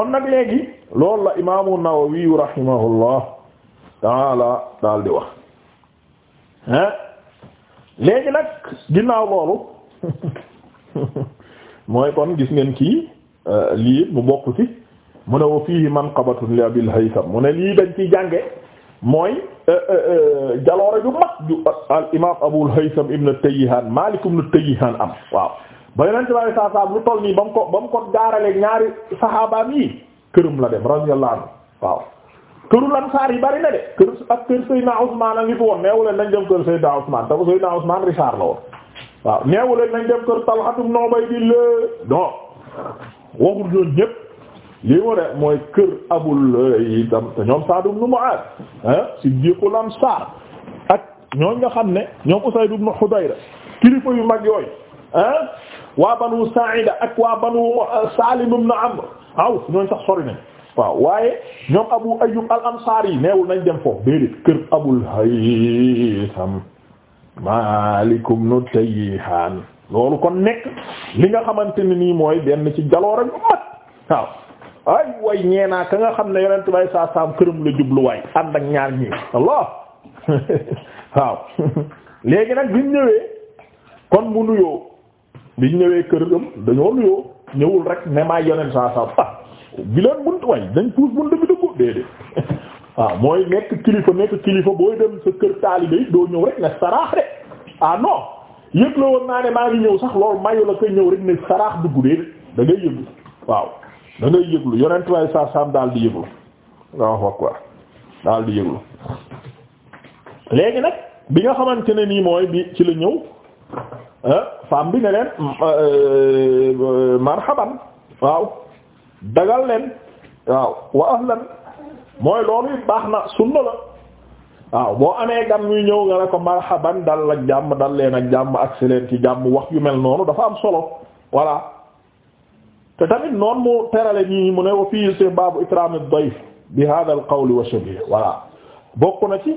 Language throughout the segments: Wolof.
kon nag léegi loolu la imaamu Nawawi rahimahullah taala daal di wax ah léegi nag ginnaaw loolu mooy kon gis ngeen kii euh, lii mu bokk ci mu ne wa fiihi manqabatun li Abil Haytham mu ne lii dañ ciy jànge mooy euh, euh, jaloore ju mag ju al imaam Abul Haytham ibn Tayyihan Malik ibn Tayyihan am ba nañ bi sallallahu alayhi wa sallam lu nii ba mu ko ba mu ko gaarale ñaari saxaabaam yi kërum la dem radiyallahu anhu waaw këru Ansaar yi bari na de kër ak kër Seydina Ousmane a ngi fi woon neewu leen nañ dem kër Seydina Ousmane te ko Seydina Ousmane Richard la woon waaw neewu leen nañ dem kër Talha ibn Ubaydillah non waxul ñoon ñépp lii mu ne mooy kër Abul te ñoom Sa'd ibn Mu'adh ah Siddiqul Ansaar ak ñooñ nga xam ne ñoom Usayd ibn Hudayra kilifa yu mag yooyu waa banu Sa'ida ak waa banu euh, Salim ibn Amr Awf ñooñu sax sori nañ waaw waaye ñoom Abu Ayyub al yi neewul nañ dem foofu déedéet kër Abul Haytham Malik ibn Tayyihan loolu kon nekk li nga xamante ni nii mooy benn ci jaloor ñu mat waaw ay way ñeenaa ka nga xam ne yonent bay saa saam këram la jubluwaay ànd ak ñaar ñii Allah waaw léegi nag bi ñëwee kon mu nuyoo biñ ñëwee kër dañoo nuyoo ñëwul rek ne maay yonent saa saa ah bi leen bunt way dañ puus bunt bi dugg déedéet waaw mooy nekk kilifa nekk kilifa booy dem sa kër taalibe yi doo ñëw rek ne saraax de ah non yëg woon naa ne maa ngi ñëw sax loolu mayu la koy ñëw rek ne saraax dugg déedéet da ngay yëglu waaw da yëglu yonent way daal di yëglu waaw wax quoi daal di yëglu léegi nag bi nga xamante ne nii mooy bi ci la ñëw Ah, femme bi ne leen euh, marhaban waaw dagal leen waaw wa ahlan mooy loolu it baax na sunna la waaw boo amee gan muy ñëw nga ne ko marhaban dal ak jàmm dal leen ak jàmm ak si leen ci jàmm wax yu mel noonu dafa am solo wala te tamit noonu mu terale ñii mu ne wa fii si baabu ikraam ad bi hada al qawl wa shabih bokk na ci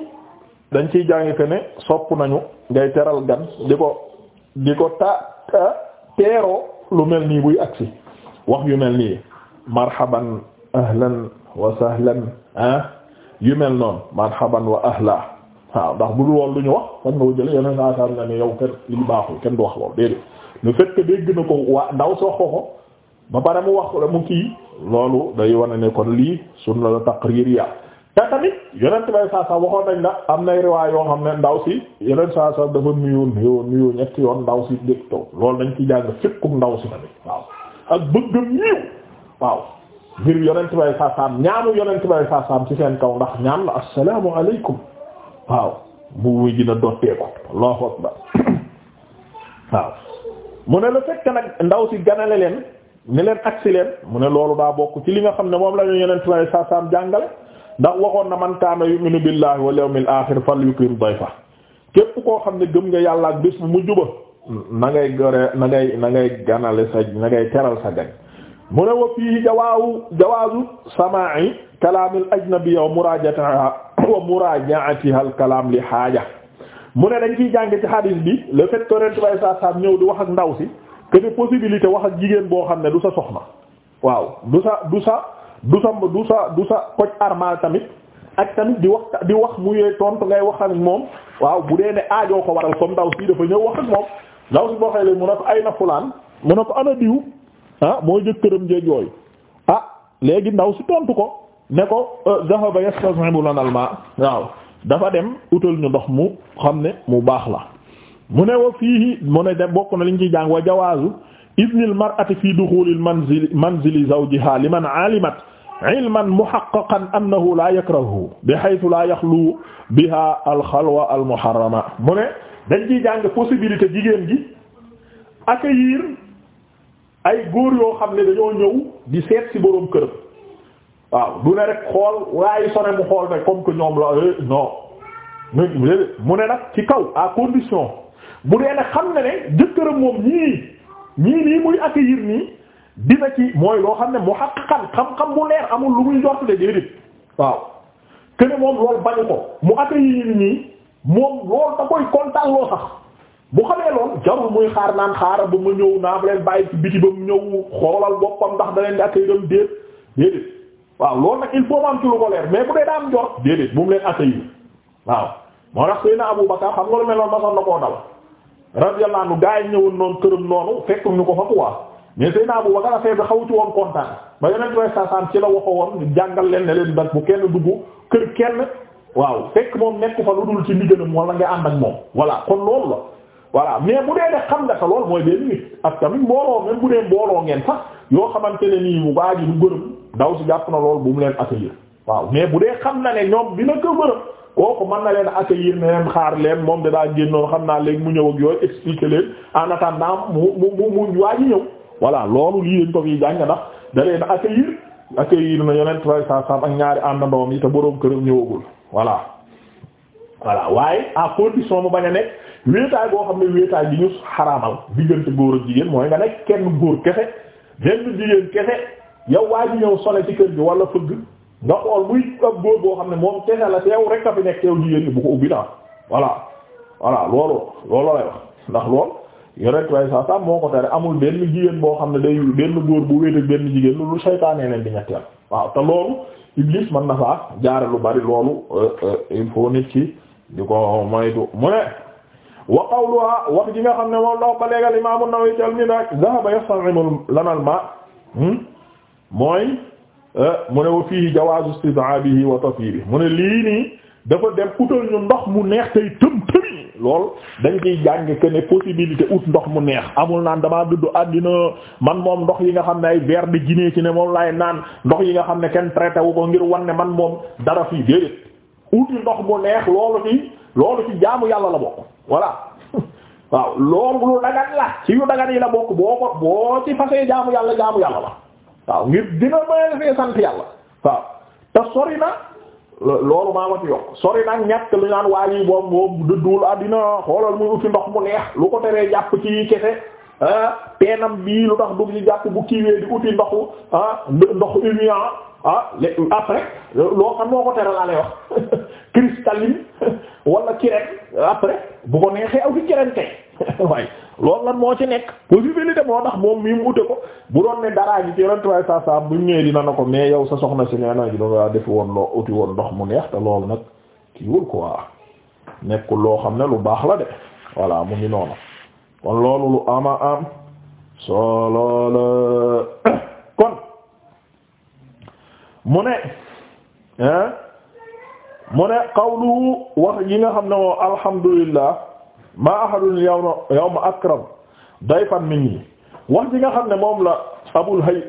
dañ ci jàngi ko ne sopp nañu ngay teral gan di ko di ko ta teeroo lu mel nii buy agsi wax yu mel nii marhaban ahlan wa sahlan ah yu mel noonu marhaban wa ahla waaw ndax bu du woon lu ñu wax fan nga ko jëlee yeneen saa saa ne ne yow kenn li baaxul kenn du wax loolu déedéet le fait que dégg na ko waa ndaw soo ko ba pare mu wax la mu kii loolu day wane ne kon lii sunna la taqririya te tamit yonent bay saa saa waxoon nañ am nay riwaay yoo xam ne ndaw si yonent saa saa dafa nuyoo nuyoo nuyoo ñetti yoon ndaw si njëkk taw loolu dañ ci jàng fekkum ndaw si tamit waaw ak bëggam yiw waaw ngir yonent bay saa saam ñaanu yonent bay saa saam ci seen kaw ndax ñaan la assalaamu alaykum waaw bu wuy dina dottee ko allahu akbar waaw mu ne la fekk nag ndaw si ganale leen ne leen agsi leen mu ne loolu daa bokk ci li nga xam ne moom la ñu yonent bay ndax waxoon na man kaana yu'minu billahi wal yawmil aaxir falyukrim dayfa képp koo xam ne gëm nga yàlla ak bés bu mujj ba na ngay gore na ngay na ngay ganale sa na ngay teral sa gan mu ne wa fii jawaawu jawaazu samaa'i kalaamil ajnabi wa muraajatiha wa muraajatiha al kalaam li xaaja mu ne dañ ciy jàng ci hadis bi le fait que ren saa saa ñëw di wax ak ndaw si que possibilité wax ak jigéen boo xam ne du sa soxna waaw du sa du sa du sa du sa du sa koc armal tamit ak tamit di wax di wax mu yee tontu ngay wax ak moom waaw bu dee ne aajoo ko waral comme ndaw si dafa ñëw wax ak moom ndaw si boo xëy la mu ne ko ana diw ah moo jëkkëram jeeg yooyu ah léegi ndaw si tontu ko ne ko euh, zahaba yastazimu lana al ma waaw dafa dem utal ñu ndox mu xam ne mu baax la mu ne wa fii mu ne dem bokk na liñ ciy jàng wa jawaazu iznil mar'ati fi dukhulil manzili manzili zawjiha liman alimat ilman muhaqqaqan annahu la yakrahu bi haythu la yaxlu biha alxalwa almuharrama mu ne dañ ciy jàng possibilité jigéen gi accueillir ay góor yoo xam ne dañoo ñëw di seet ci boroom këram waaw du ne rek xool waaye sone mu xool ne comme que ñoom la eh, non mu ne nag ci kaw a condition bu dee ne xam ne ne jëkkëram moom ñii ñii nii muy accueillir nii dina ci mooy loo xam ne mu xaqan xam-xam bu leer amul lu muy jortule déedéet waaw kene moom loolu bañu ko mu accueillir nii moom loolu da koy kontaan loo sax bu xamee lool jarul muy xaar naan xaaral ba mu ñëw naa leen bàyyi ci biti ba mu ñëw xoolal boppam ndax da leen di accueillir am déet déedéet waaw loolu nag il faut am ci lu ko leer mais bu dee daa am jort déedéet bu mu leen accueillir waaw moo tax Seydina Abu Bakar xam nga lu mel noonu masoon na koo dal radiyallahu anhu gaa yi ñëwoon noonu këram noonu ko mais Seydina Abu Bakar affaire bi xaw ci woon kontaan ba yonent way sasam ci la waxo woon jàngal leen ne leen dak bu kenn dugg kër kenn waaw fekk moom nekk fa lu dul ci ndigalam wala nga ànd ak moom voilà kon loolu la voilà mais bu dee ne xam nga ko lool mooy benn nit ak tamit mbooloo même bu dee mbooloo ngeen sax yoo xamante ne nii bu baa ji du gërëm ndaw si jàpp na lool bu mu leen accueillir waaw mais bu dee xam na ne ñoom dina ko gërëm kooku mën na leen accueillir ne leen xaar leen moom da daa génnoon xam naa léegi mu ñëw ak yooyu expliquer leen en attendant voilà loolu lii dañ ko fi jàng ndax da leen accueillir accueillir na yonent trois cent cent ak ñaari àndandoom yi te boroom këram ñëwagul voilà. voilà waaye à condition mu bañ a nekk wéetaay boo xam ne wéetaay bi ñu xaraamal diggante góor ak jigéen mooy nga nekk kenn góor kese benn jigéen kese yow waa ji ñëw sone ci kër gi wala fëgg nga xool muy ab góor boo xam ne moom kese la te yow rek a fi nekk yow jigéen bu ko ubbi naa voilà voilà loolu loolu lay wax yonent waaye saa saa moo ko tere amul benn jigéen boo xam ne day benn góor bu wéet ak benn jigéen loolu seytaanee leen di ñetteel waaw te loolu iblis mën na faa jaare lu bari loolu euh, euh, il faut nit ki di ko moytu mu ne wa qawluha wax ji nga xam ne moom la ba léegi al imam an-Nawawi cal mi nag zahaba yastanimul lanal ma hmm? mooy euh, mu ne wa fiihi jawaazu istid'aabihi wa tatyibihi mu ne lii nii dafa dem utal ñu ndox mu neex tey tëm tëm lool dañ ciy jàng que ne possibilité ut ndox mu neex amul naan damaa dudd àddina man moom ndox yi nga xam ne ay verre de Guinée ci ne moom laay naan ndox yi nga xam ne kenn traité ko ngir wan ne man moom dara fii déedéet uti ndox mu neex loolu ci loolu ci jaamu yàlla la bokk voilà waaw loolu lu dagan la ci yu dagan yi la bokk boo ko boo ci fasee jaamu yàlla jaamu yàlla la waaw ngir dina may fee sant yàlla waaw te sori na loolu maa ma ci yokk sori nag ñàkk lu naan waa yi moom moom dëdduwul àddina xoolal muy uti ndox mu neex lu ko teree jàpp ci kese ah peenam bii lu tax dugg ci jàpp bu kiiwee di uti ndoxu ah ndoxu humide ah après loo xam noo ko tere laa lay wax cristalline wala kirène après bu ko neexee aw ci kirène tey waaye loolu lan moo ci nekk possibilité moo tax moom mii mu ute ko bu doon ne daraa ji ci yonent saa saa bu ñëwee dina na ko mais yow sa soxna si nee na ji doon def woon loo uti woon ndox mu neex te loolu nag kii wul quoi nekkul loo xam ne lu baax la voilà mu ngi noonu loolu lu ama am solo la kon mu ne mu ne qawlu wax yi nga xam ne moom alhamdulillah ma ahadun yawma yawma akram dayfan minni wax ji nga xam ne moom la abul hay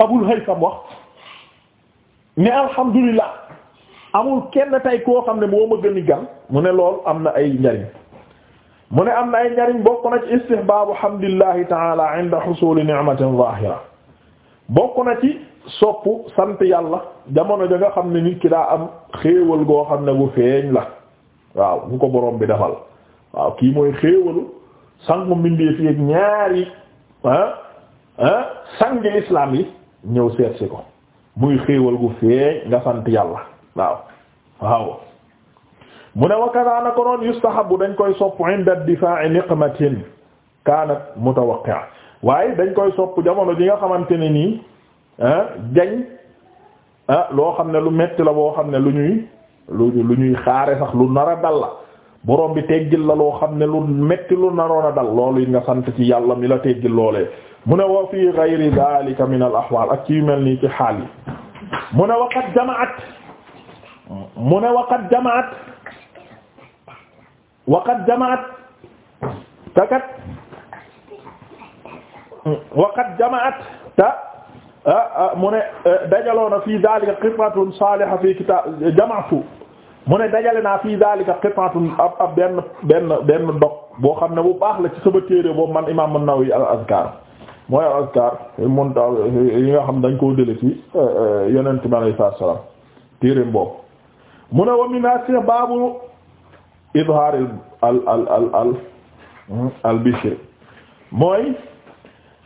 abul haytham wax ne alhamdulillah amul kenn tey koo xam ne moo ma gën a gan mu ne lool am na ay njariñ mu ne am na ay njariñ bokk na ci istihbaabu hamdillahi taala inda xusuli ni'matin zahira bokk na ci soppu sant yàlla jamono ja nga xam ne nit ki daa am xéewal goo xam ne bu feeñ la waaw bu ko borom bi defal waaw kii mooy xéewalu sangu mbindeef yi ak ñaari ah ah yi ñëw seet ko muy xéewal gu feeñ nga sant yàlla waaw waaw mu ne wakadaana ko noon yustahabu dañ koy sopp inda difaa'i niqmatin kaanat mutawaqqi'a waaye dañ koy sopp jamono ji nga xamante ne nii ah, jañ ah, loo xam ne lu metti la boo xam ne lu ñuy lu ñuy xaare sax lu nara dal la borom bi teggil la loo xam ne lu metti lu naroon a dal loolu it nga yàlla mi la teggil loolee mu ne wa fii gayri dalika min al ahwaal ak ci yu mel nii ci xaal yi mu ne waqat jamaat mu ta ah, ah, mu ne eh, dajaloona fii dalika qitratun saaliha fii kitaab mu ne dajale naa fii daalika qit'atun ab ab benn benn benn dog boo xam ne bu baax la ci sama téere boobu man imaam an-Nawawi al-Azkar mooy al-Azkar mun ta yi nga xam dañ koo dële ci euh, euh, yonent bi alayhi salaam téereem boobu mu ne wa minhaa istihbaabu izhaar al al al al al bishr mooy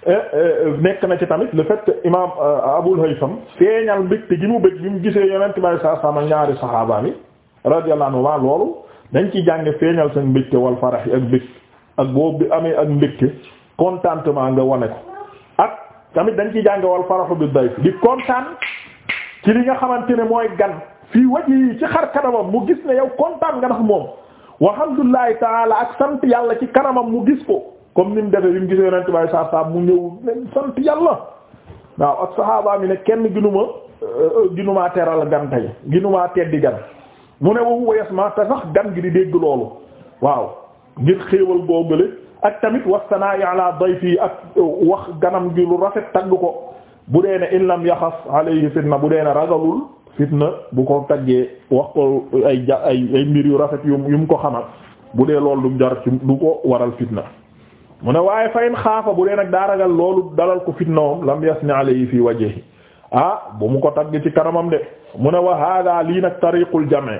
euh, nekk na ci tamit le fait que imaam Abul Haytham feeñal mbégte gi mu bëgg bi mu gisee yonent bi alayhi salaatu wa ñaari saxaabaam yi radiyallahu anhu loolu dañ ci jànge feeñal seen mbégte wal farax yi ak mbég ak boobu bi amee ak mbégte contentement nga wane ko ak tamit dañ ci jànge wal faraxu bi dayf di kontaan ci li nga xamante ne mooy gan fii waji yi ci xar kanamam mu gis ne yow kontaan nga ndax moom walhamdulillahi taala ak sant yàlla ci kanamam mu gis ko comme ni mu defee bi mu gisee yonent bay saa saa mu ñëw nen sant yàlla waaw ak sahaaba mi ne kenn ginuma euh, euh, ginumaa teral gan tey ginumaa teddi gan mu ne wa huwa yasma sax gan gi di dégg loolu waaw ngir xéewal googale ak tamit wasanaayi ala fii ak wax ganam gi lu rafet tagg ko bu dee ne in lam yaxaf alayhi fitna bu dee ne ragalul fitna bu ko taggee wax ko ay mbir yu rafet yu yu mu ko xamal bu dee lool du jar ci du ko waral fitna mu ne waaye fayin xaafa bu dee nag daa ragal loolu dalal ko fitna moom lam yasni alayhi fi wajhi ah bu mu ko tagg ci kanamam de mu ne wa hada lii nag tariqul jame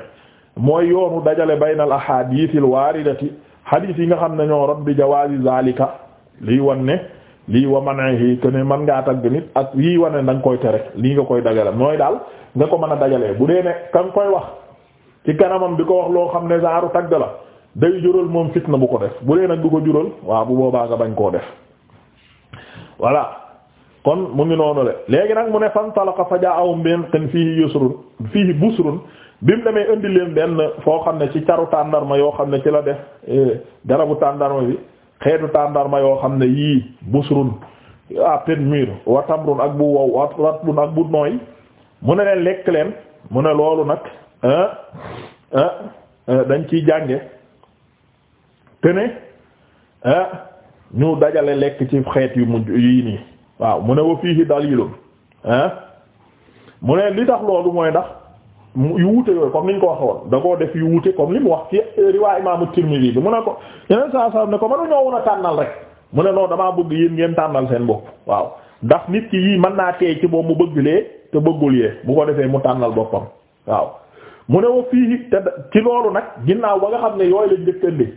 mooy yoonu dajale baynal ahadith al waaridati hadith yi nga xam ne ñoo rot bi jawaazi zalika lii wan ne lii wa man'ihi que ne mën ngaa tagg nit ak yii wan ne da nga koy tere lii nga koy dajale mooy daal nga ko mën a dajalee bu dee ne ka koy wax ci kanamam di ko wax loo xam ne zaaru tagg la day jural moom na bu ko def bu dee nag du ko jural waaw bu boobaa nga bañ koo def voilà kon mu ngi noonu le léegi nag mu ne fan talaqa fa ja'ahum bi anqin bi mu demee indi leen benn foo xam ne ci caru tàndarma yoo xam ne ci la def eh, garabu tàndarma bi xeetu tàndarma yoo xam ne yii busrun à peine mûr wa tamrun ak bu wow wa ratbun ak bu nooy mu ne leen lekk leen mu ne loolu nag dañ ciy jànge te ne ñu dajale lekk ci xeet yu mujj yii nii waaw mu ne wa fiihi dalilun mu ne li tax loolu mooy ndax mu yu wuute yooyu comme niñ ko waxee woon da koo def yu wuute comme li mu wax ci riwaay imaamu Tirmidhi bi mu ne ko yeneen saa saa ne ko mënu a wun a tànnal rek mu ne noo damaa bëgg yéen ngeen tànnal seen bopp waaw ndax nit ki yii mën naa tey ci boobu mu bëgg lee te bëggul yee bu ko defee mu tànnal boppam waaw mu ne wa fii te ci loolu nag ginnaaw ba nga xam ne yooyu lañ dëkkandi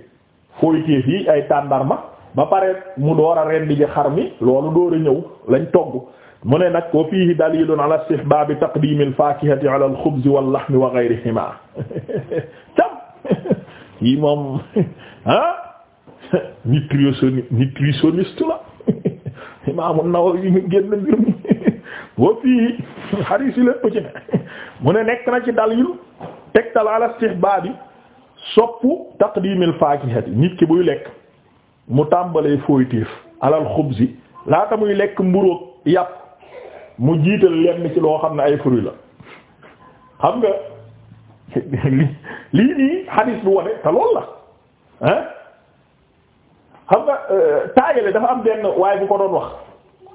fooyteef yi ay tàndarma ba pare mu door a reen ji xar mi loolu door a ñëw lañ togg mu ne nag wa fiihi yi ala istihbaabi taqdiimi al-faakihati ala al-xubzi wal-laxmi wa gayrihimaa cam moom ah nutritionniste nutritionniste la Imaam An-Nawawi mu génn mbir mi wa fiihi xarit yi lépp ci ne mu ne nekk na ci dalil tegtal ala soppu taqdiimi al-faakihati nit ki buy lekk mu tàmbalee fooyteef ala al-xubzi laata muy lekk mburoog yàpp. mu jiital lenn ci loo xam ne ay fruits la xam nga li lii nii hadis bu wane te loolu la ah xam nga euh, taayale dafa am benn waaye bu ko doon wax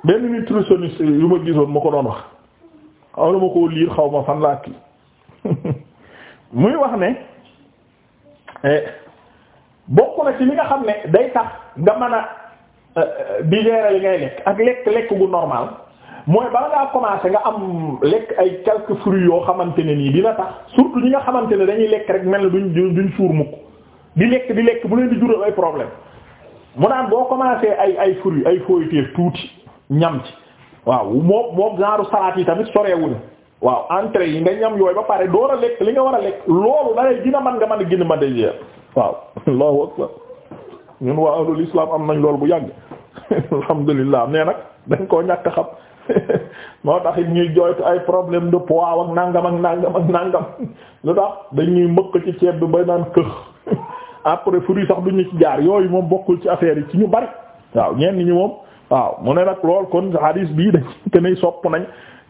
benn nutritionniste yu ma gisoon ma ko doon wax xaw na xaw ma fan laa kii muy wax ne eh, bokk na ci li nga xam ne day tax nga mën a euh, digérer li ngay lekk ak lekk lekk gu normal mooy bala ngaa commencer nga am lekk ay quelques fruits yoo xamante ne nii dina tax surtout ñi nga xamante ne dañuy lekk rek mel na duñ duñ suur mukk di lekk di lekk bu leen di jural ay problème mu naan boo commencer ay ay fruits ay feuilletés tuuti ñam ci waaw moom moom genre salade yi tamit sorewuñu waaw entrée yi nga ñam yooyu ba pare door a lekk li nga war a lekk loolu da lay dina man nga mën a ma dégg waaw Allahu akbar ñun waa ahlul islam am nañ loolu bu yàgg alhamdulillah mais nag dañ koo ñàkk xam. moo tax it ñuy jooytu ay problème de poids ak nangam ak nangam ak nangam lu tax dañuy mëkk ci ceeb bi ba naan këx après fruit sax duñu ci jaar yooyu moom bokkul ci affaire yi ci ñu bari waaw ñenn ñi moom waaw mu ne nag lool kon hadis bii dañ kenn sopp nañ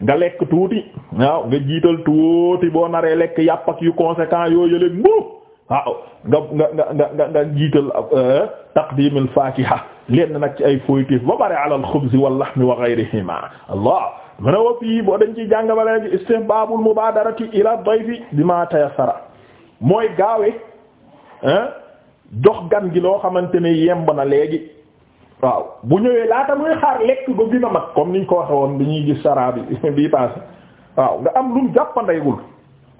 nga lekk tuuti waaw nga jiital tuuti boo naree lekk yàpp ak yu conséquent yoo yëleeg mbuur. waaw nga nga nga nga nga jiital eh, taqdimul faakiha lenn nag ci ay foyteef ba pare ala al xubzi wal lahmi wa ghayrihima allah mën a wop yi boo dañ ciy jàng ba léegi istihbaabul mubaadarati ila dayfi bima tayassara mooy gaawe eh, jox gan gi loo xamante ni yemb na léegi waaw bu ñëwee laata muy xaar lekk ba dina mag comme niñ ko waxe woon bi ñuy gis sara bi bii passé waaw nga am lum jàppandaygul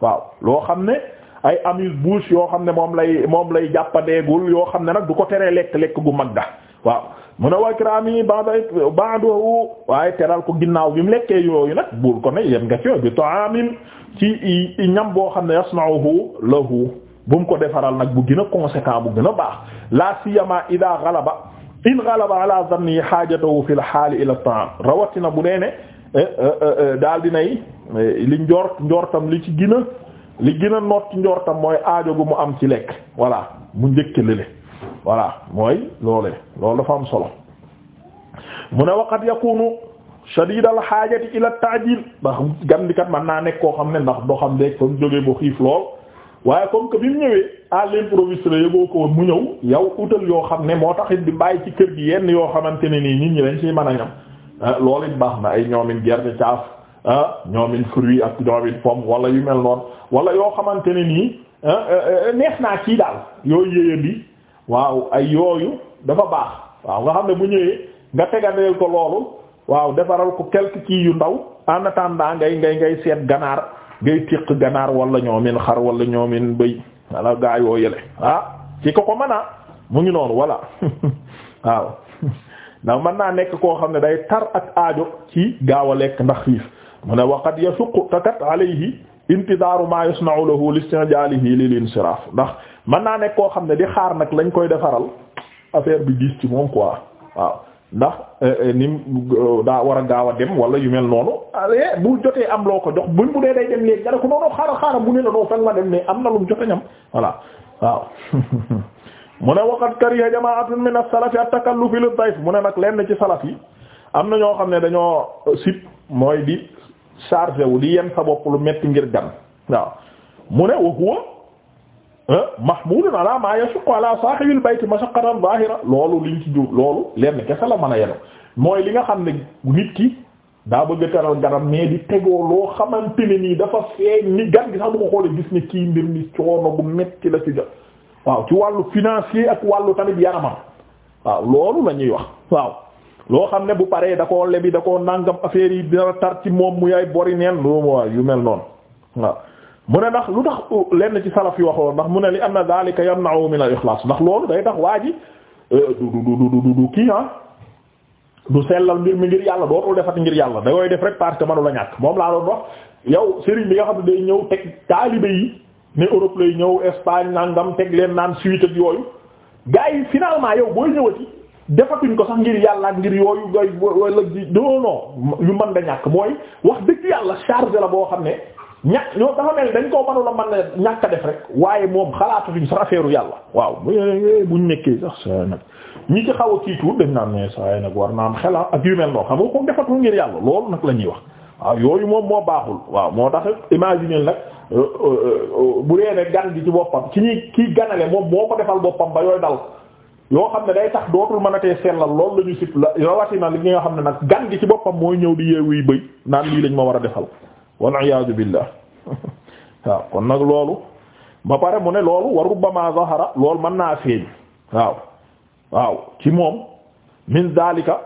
waaw loo xam ne ay amuse-bouche yoo xam ne moom lay moom lay jàppandeegul yoo xam ne nag du ko teree lekk lekk gu mag ga waaw mun a wakraami bada bandowu waaye teral ko ginnaaw bi mu lekkee yooyu nag buur ko ne yem nga ci yooyu bi ta'amin ci ñam boo xam ne yasna'uhu lahu bu mu ko defaral nag bu gën a conséquent bu gën a baax la siyama ida ghalaba in ghalaba ala dhanni haajatahu fi l haali ila ta'am rawatina bu nee ne eh, eh, eh, daal dinay li njort njortam li ci gën a li gën a noot njortam mooy aajo gu mu am ci lekk voilà mu njëkk lële voilà mooy loolee loolu dafa am solo mu ne waqat yakunu shadid al hajati ila ta'jil ndax gan bi kat mën naa nekk koo xam ne ndax doo xam ne comme jógee bu xiif lool waaye comme que bi mu ñëwee à l'improviste la yëgoo ko woon mu ñëw yow utal yoo xam ne moo taxit di bàyyi ci kër gi yenn yoo xamante ne nii nit ñi dañ ciy mën a ñam eh, lool it baax na ay ñoomin gerte caaf. ah ñoomin fruit ak ñoomin pomme wala yu mel noonu wala yoo xamante ne nii ah, eh, eh, eh, neex naa kii daal yooyu yéyandi waaw ay yooyu dafa baax waaw nga xam ne bu ñëwee nga tegandeel ko loolu waaw defaral ko quelques kii yu ndaw en attendant ngay ngay ngay seet ganaar ngay tiq ganaar wala ñoomin xar wala ñoomin bëy wala gaa yoo yële ah ci ko ko mën a mu ngi noonu voilà waaw ndax mën naa nekk koo xam ne day tar ak aajo ci gaaw a lekk ndax xiif mu ne waqad yasuqu takat alayhi intidaaru ma yasna'u lahu listi'jalihi lil insiraaf ndax man naa nekk koo xam ne di xaar nag lañ koy defaral affaire bi diis ci moom quoi waaw ndax eh, eh, ni eh, daa war a gaaw a dem wala yu mel noonu bu jotee am loo ko jox buñ bu dee day dem léegi nga ne ko noonu xaaral xaaral bu ne la noo fekk ma dem ne am na lu mu jot ñam voilà waaw. mu ne waqad kariha jama'atun a as-salaf at-takalluf lid mu ne nag lenn ci salaf yi am na ñoo xam ne dañoo sip mooy di. chargé wu di yem sa bopp lu metti ngir gan waaw mu ne wa huwa ah, mahmudun ala ma yashuqu ala sahibil bayt mashaqqatan zahira loolu liñ ci jub loolu lenn kese la mën a yenu mooy li nga xam ne nit ki daa bëgg a teral ganam mais di tegoo loo xamante nii dafa feeñ ni gan gi sax bu ko xoolee gis ne kii mbir mi coono bu metti la ci jot waaw ci wàllu financier ak wàllu tamit yaramam waaw loolu la wax waaw loo xam ne bu paree da koo lebi da ko nàngam affaire yi dina tar ci moom mu yaay bori neen lu mu yu mel noonu waaw mu ne ndax lu tax lenn ci salaf yi waxoon ndax mu ne li anna dhalika yamna'u min al-ikhlas ndax loolu day tax waa ji e, du du du du kii ah du sellal mbir mi ngir yàlla dootul defati ngir yàlla da koy def rek parce que manu la ñàkk moom laa doon wax yow Serigne bi nga xam ne day ñëw teg taalibe yi ne Europe lay ñëw Espagne nangam teg leen naan suite ak yooyu gars yow booy defatuñ ko sax ngir yàlla ak ngir yooyu ngay wala non non yu man da ñàkk mooy wax dëgg yàlla charge la boo xam ne ñàkk ñoo dafa mel dañ koo mënula mën a ñàkk a def rek waaye moom xalaatuñ sax affaire yàlla waaw bu eh, nekkee sax saa nag ñi ci xaw kii tuut dañ naan ne saa nag war naa am xel ak yu mel noonu xam nga ko defatu ngir yàlla loolu nag la ñuy wax waaw yooyu moom moo baaxul waaw moo tax imaginer nag euh, euh, euh, bu dee ne gan gi ci boppam ci ñi kii ganale moom moo ko defal boppam ba yooyu dal. yoo xam ne day tax dootul mën a tee sellal loolu la ñu sib la rawatina li nga xam ne nag gan gi ci boppam mooy ñëw di yeewuy bëy naan lii lañ ma war a defal wal iyaadu billah waaw kon nag loolu ba pare mu ne loolu war rubbama zahara loolu mën naa feeñ waaw waaw ci moom min zalika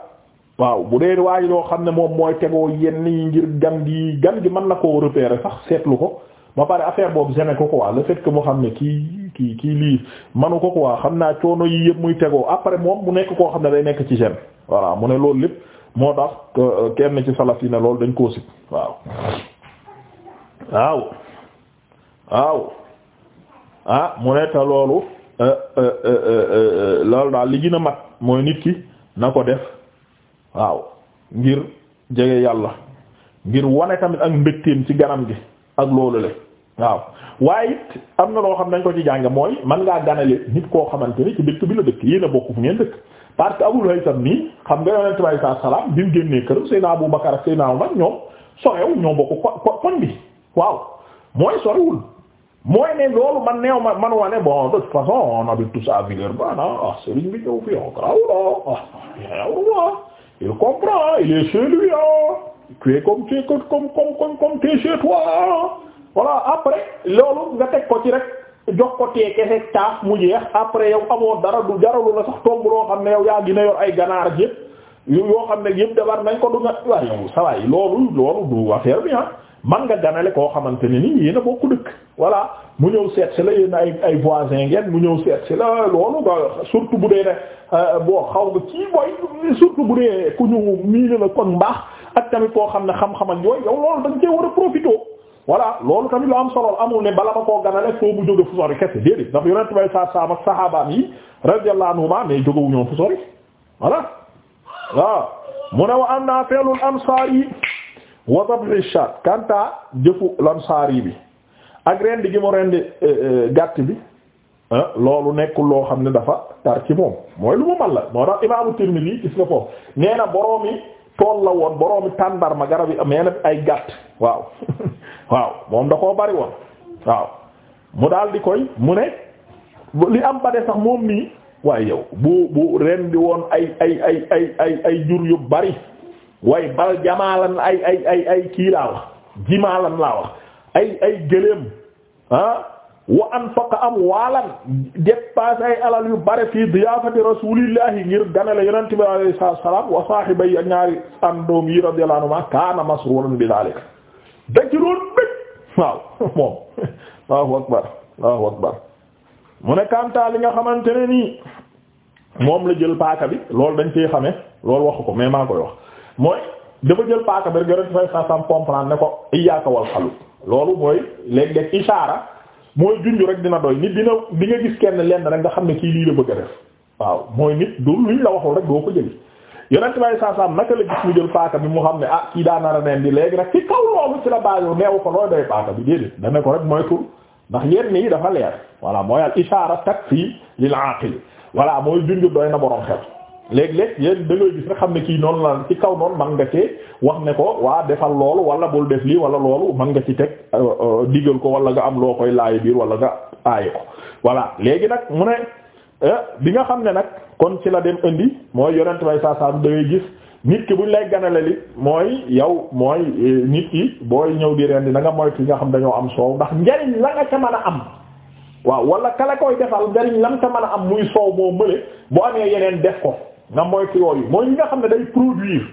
waaw bu dee waaye loo xam ne moom mooy tegoo yenn yi ngir gan gi gan gi mën na koo repérer sax seetlu ko ba pare affaire boobu gêné ko ko le fait que mu xam ne kii kii kii lii manu ko ko quoi xam naa coono yi yëpp muy tegoo après moom mu nekk koo xam ne day nekk ci gêne voilà mu ne loolu lépp moo tax euh, kenn ci salaf yi ne loolu dañ koo sib waaw ah, mu ne loolu euh, euh, loolu daal li gën a mat mooy nit ki na ko def waaw ngir jege yàlla ngir wane tamit ak mbégteem ci ganam gi ak loolu le waaw waaye it am na loo xam nañ ko ci jànge mooy man ngaa ganale nit koo xamante ni ci dëkk bi la dëkk yéen a bokk fu ngeen dëkk parce que Abul Haytham nii xam nga yonent bi alayhi salaam bi mu génnee kër Seydina Abu Bakar ak Seydina Umar ñoom sorew ñoo bokk ko ma man wane bon de toute façon on il ah ah comprend ah il est chez lui tu es comme tu es comme comme comme après loolu nga teg ko ci rek jox ko tee kese caaf mu jeex après yow amoo dara du jaralu la sax tomb loo xam ne yow yaa gina yor ay ganaar yëpp yoo xam ne yëpp defar nañ ko du nga waaye yow sa waay loolu loolu du affaire bi ah man nga ganale koo xamante ne ni yéen a bokk dëkk voilà mu ñëw seet si la yéen ay ay voisin ngeen mu ñëw seet si la loolu nga surtout bu dee ne euh, boo xaw nga kii booy surtout bu dee ku ñu mii la kon mbaax ak tamit koo xam ne xam-xam ak yooyu yow loolu dañ cee war a profiter voilà loolu ganale soo bu jóge fu sori kese déedéet ndax yonent bay saa saam saxaabaam yi radiyallahu anhuma mais jógewu ñoom fu sori voilà waaw mu ne wa am naa feelul ansaar yi wa dabhi shaat kanta jëfu lansaar yi bi ak rendi gi mu rendi eh, eh, gàtt bi ah, loolu nekkul loo xam ne dafa tar ci moom mooy lu mu mal la moo tax imaamu Tirmidhi gis nga foofu nee boroomi tool la woon boroomi ma garab yi amee na ay gàtt waaw waaw moom da koo bari woon waaw mu daal di koy mu ne li am ba de sax moom nii waaye yow bu bu di woon ay ay ay ay jur yu bari way bal jamaalan ay ay ay ay kii laa wax jimaalan laa wax ay ay gëléem ah wa anfaqa amwaalan dépassé ay alal yu bare fii diyaafati rasuulillahi ngir ganale yonent bi alayhi salaam wa saahibi ak ñaari àndoom yi radiyallahu anhuma kaana masruuran bi daalika da ci doon bég waaw moom Allahu akbar Allahu akbar mu ne Kantaa li nga xamante ne nii moom la jël paaka bi loolu dañ cee xamee loolu waxu ko mais maa koy wax mooy dafa jël paaka bi rek yonent bi alayhi salaam ne ko iyyaaka wal xalu loolu mooy léeg-léeg ishaara mooy junj rek dina doy nit dina di nga gis kenn lenn rek nga xam ne kii lii la bëgg def waaw mooy nit du luñ la waxul rek doo ko jëli yonent bay saasaam naka la gis mu jël paaka bi mu xam ne ah kii daa nar a di léegi nag ci kaw loolu ci la bàyyi neewu ko looy doy paaka bi déedéet dana ko rek mooy tur ndax yenn yi dafa leer voilà mooy al ishaara takfi lil aqil voilà mooy junj doy na borom xel léegi léeg yéen da gis nga xam ne kii noonu la ci kaw noonu man nga ci wax ne ko waa defal loolu wala boolu def lii wala loolu man nga ci teg euh, euh, digal ko wala nga am loo koy laay biir wala nga aaye ko voilà léegi nag mu ne euh, bi nga xam ne nag kon ci la dem indi mooy yonent may saa saa da gis nit ki bu buñ lay ganale li mooy yow mooy nit ki booy ñëw di rendi na nga moytu nga xam dañoo am soow ndax njariñ la nga ca mën a am waaw wala kala defal njariñ la nga a am muy soow moo mële boo amee yeneen def ko nga moytu yooyu mooy ñi nga xam ne day produire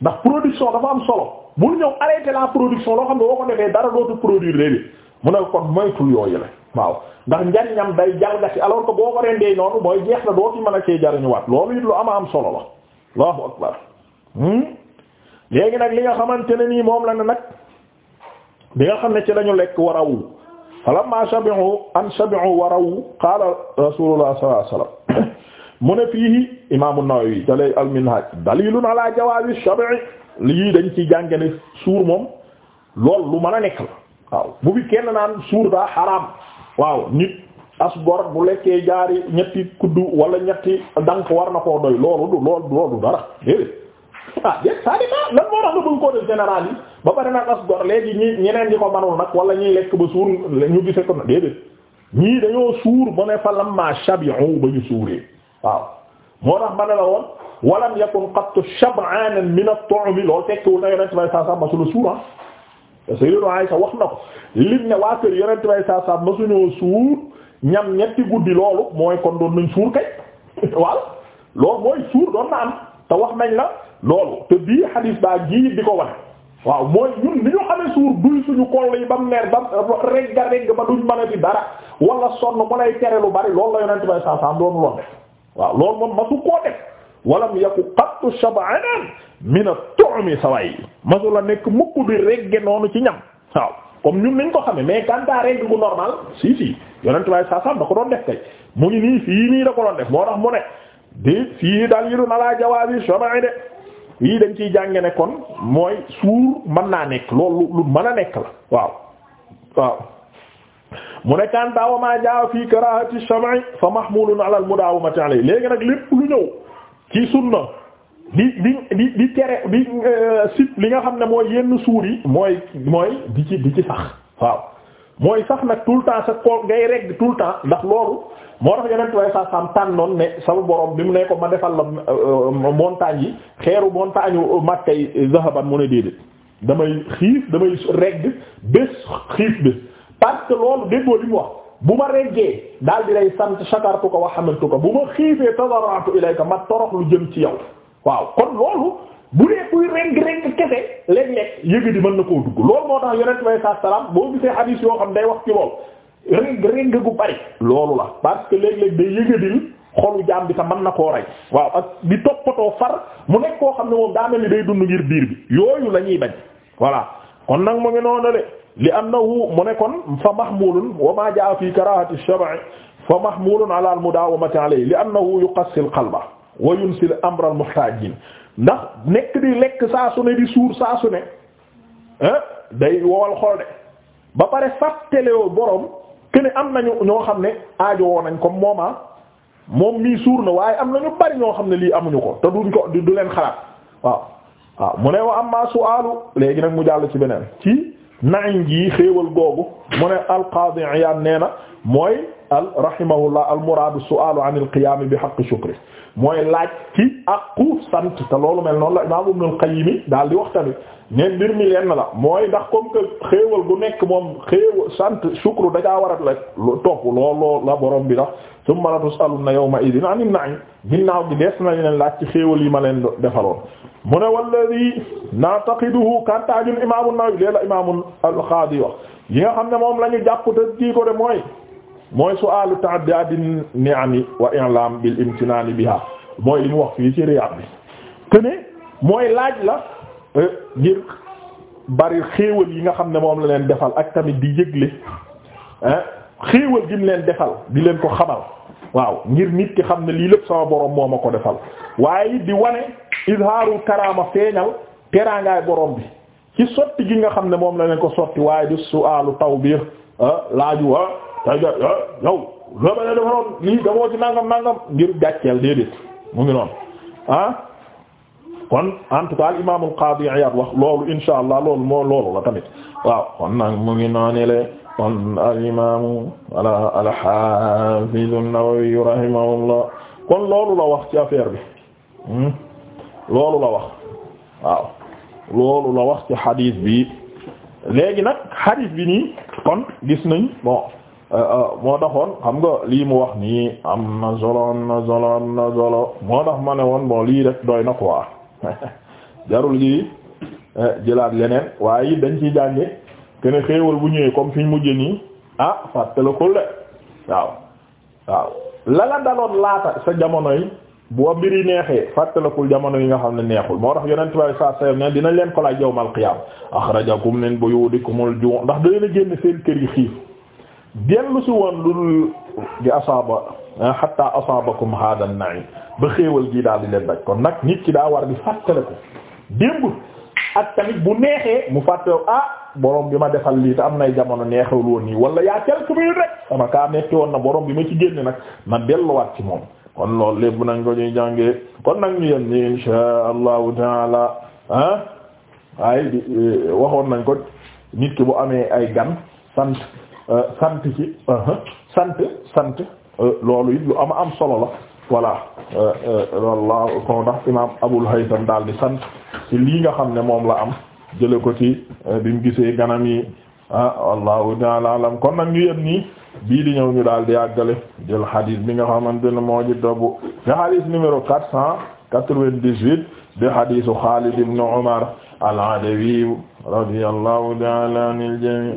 ndax production dafa am solo bul ñëw arrêter la production loo xam ne boo ko defee dara dootu produire léegi mu ne kon moytul yooyu la waaw ndax njariñam day jalgati alors que boo ko rendee noonu mooy jeex na dootu mën a cee jariñuwaat loolu it lu ama am solo la Allahu akbar hmm? léegi nag li nga xamante ne nii moom la ne nag bi nga xam ne ci lañu lekk warawu falamma shabi'u an shabi'u warawu qala rasulullah sallallahu alayhi wasallam mu ne fii imaamu Nawawi dalay al-Minhaj dalilun ala jawaazi shabi lii dañ ci jànge suur moom lool lu mën a nekk la waaw bu bi kenn naan suur daa xaraam waaw nit as bu lekkee jaari ñetti kuddu wala ñetti dank war na koo doy loolu du loolu loolu dara déedéet ah déet ça dépend moo tax nga bëgg koo def général yi ba bari nag as gor léegi ñi ñeneen ñi ko manul nag wala ñuy lekk ba suur ñu gise ko déedéet ñii dañoo suur mu ne fa lamma shabi'u ba waaw moo tax ma ne la woon walam yakun qattu shab'an min at-tu'mi loolu tekkiwul na yonent bay saa saa masula suur ah te Sayyidatu wax na ko lim ne waa kër yonent bay saa saa masuñoo suur ñam ñetti guddi loolu mooy kon doon nañ suur kay waaw loolu mooy suur doon na am te wax nañ la loolu te bii xadiis baa ji di ko wax waaw mooy ñun ni ñu xamee suur duy suñu koll yi ba mu neer ba regga regg ba duñ mën a fi dara wala sonn mu lay tere lu bari loolu la yonent bay saa saa doon loon waaw loolu moom masu koo def walam yaku qattu na min at-tu'mi saway masu la nekk mukk di regge noonu ci ñam waaw comme ñun nañ ko xame mais kanta règle gu normal si si yonentu way saa sam da ko doon def kay mu ngi nii fii nii da ko doon def moo tax mu ne di fii daal yidun alaa jawaabi shab'i de yii dañ ciy jànge ne kon mooy suur man naa nekk loolu lu mën a nekk la waaw waaw mu ne kanta wa ma jaa fi karahati sham'i fa mahmulun ala al mudawamati alayhi léegi nag lépp lu ñëw ci sunna di di di di di euh, sip li nga xam ne mooy yenn suur yi mooy mooy di ci di ci sax waaw mooy sax nag tout le temps sa ko ngay regg tout le temps ndax loolu moo tax yeneen way sa sam tànnoon ne sama borom bi mu ne ko ma defal la euh, montagne yi xeeru montagne yu màkkay zahaban mu ne déedéet damay xiif damay regg bés xiif bés parce que loolu déggoo li mu wax bu ma reggee daal di lay sant shakartuka wa hamdtuka bu ma xiifee tadarratu ilayka ma torox lu jëm ci yow waaw kon loolu bu dee kuy reng-reng kese léeg-léeg yëga di mën na koo dugg loolu moo tax yonent way sa salaam boo gisee hadith yoo xam day wax ci lool reng-reng gu bari loolu la parce que léeg-léeg day yëgadil xolu jaam bi ta mën na koo rey waaw ak di toppatoo far mu nekk koo xam ne moom daa day dund ngir biir bi yooyu la ñuy bañ voilà li annahu mu ne kon fa mahmulun wa ma jaa fi karahati ash-shab' fa mahmulun ala al-mudawamati alayhi li annahu yuqassi al-qalba wa yunsi amra al-muhtajin ndax nekk di lekk saa su ne di suur saa su ne day wowal xool de ba pare fàttelewoo borom ke ne am nañu ñoo xam ne aajo woo nañ comme mooma ah, moom mii suur na waaye am na ñu bari ñoo xam ne lii amuñu ko te duñ ko du leen xalaat waaw waaw mu ne wa amma su'alu léegi nag mu jàll ci beneen ci naañ gi xéewal googu mu ne alqaadi Iyaad nee na mooy al rahimahullah al muraadu su'aalu an al qiyaam bi haqqi shukri mooy laaj ci àqu sant te loolu mel noonu la imaam Ibnul Qayyim daal di wax tamit ne mbir mi na la mooy ndax comme que xéewal bu nekk moom xéewal sant shukru dajaa warat la topp lool lool la borom bi tax summa la tusaluna yawma idin anin na'im ginnaaw gi des na leen laaj ci xéewal yi ma leen defaloon mu ne walladi na'taqiduhu kantaajul imaamu Nawawi leela imaamu al-Qaadi wax yi nga xam ne moom la ñu jàpp te kii ko de mooy mooy su'aalu ta'addudi ni'ami wa i'laam bil imtinaani biha mooy li mu wax fii ci Riyaad bi kene mooy laaj la Eh, ngir bari xéewal yi nga xam ne moom la leen defal ak tamit di yëgle eh, xéewal gi leen defal di leen ko xamal waaw ngir nit ki xam ne lii lépp sama borom moo ma ko defal waaye di wane izharu karama feeñal teraangaay borom bi ci sotti gi nga xam ne moom la leen ko sotti waaye di taw tawbih eh, laaju ah taja yow loo ma ne defaroon lii dafoo ci nangam nangam ngir gàcceel déedéet mu ngi noonu ah kon en tout cas al-imam al-qadi Iyad wax allah loolu moo la tamit waaw kon nag mu ngi noonile kon al-imam al-hafiz an-Nawawi rahimahullah kon loolu la wax ci affaire bi hmm? loolu la wax waaw loolu la wax ci xadis bi léegi nag xadis kon gis nañ bon euh, euh, moo taxoon xam nga lii mu wax nii am na solo am na solo am na solo moo tax ma ne woon lii rek doy na quoi jarul ji eh, jëlaat leneen waaye it dañ ciy jànge kene xéewal bu ñëwee comme fi ñu mujjee nii ah fàttalikul de waaw waaw la la daloon laata sa jamono yi boo mbiri neexee fàttalikul jamono yi nga xam ne neexul moo tax yonent bi saa seetlu ne dina leen ko laaj yawmal qiyaam akhrajakum min buyutikumul ju' ndax da leen génn seen kër yi xiif dellu si woon lu di asaaba Ah, hatta asaabakum hada an-na'im ba xéewal gii daal di leen kon nag nit ki daa war di fàttale ko démb ak tamit bu neexee mu fàttew ah boroom bi ma defal lii te am nay jamono neexewul woon nii wala yaa quelques minutes rek sama kaa metti woon na boroom bi ma ci génne nag ma delluwaat ci moom kon loolu lépp nañ ko ñuy jàngee kon nag ñu yem ni insha allahu taala ah waaye di eh, waxoon nañ ko nit ki bu amee ay gan sant eh, sant ci uh-huh, sant sant Euh, loolu it lu am am solo la voilà wallah euh, euh, kon ndax imam Abul Haytham daal di sant ci lii nga xam ne moom la am jële ko ci bi mu gisee ganam yi ah wallahu ta'ala alam kon nag ñu yem nii bii di ñëw ñu daal di àggale jël hadith bi nga xamante ne moo ci dobbu nga hadith numéro quatre cent quatre-vingt-dix-huit de hadithu Khalid ibn Umar al-Adawi radiyallahu ta'ala anil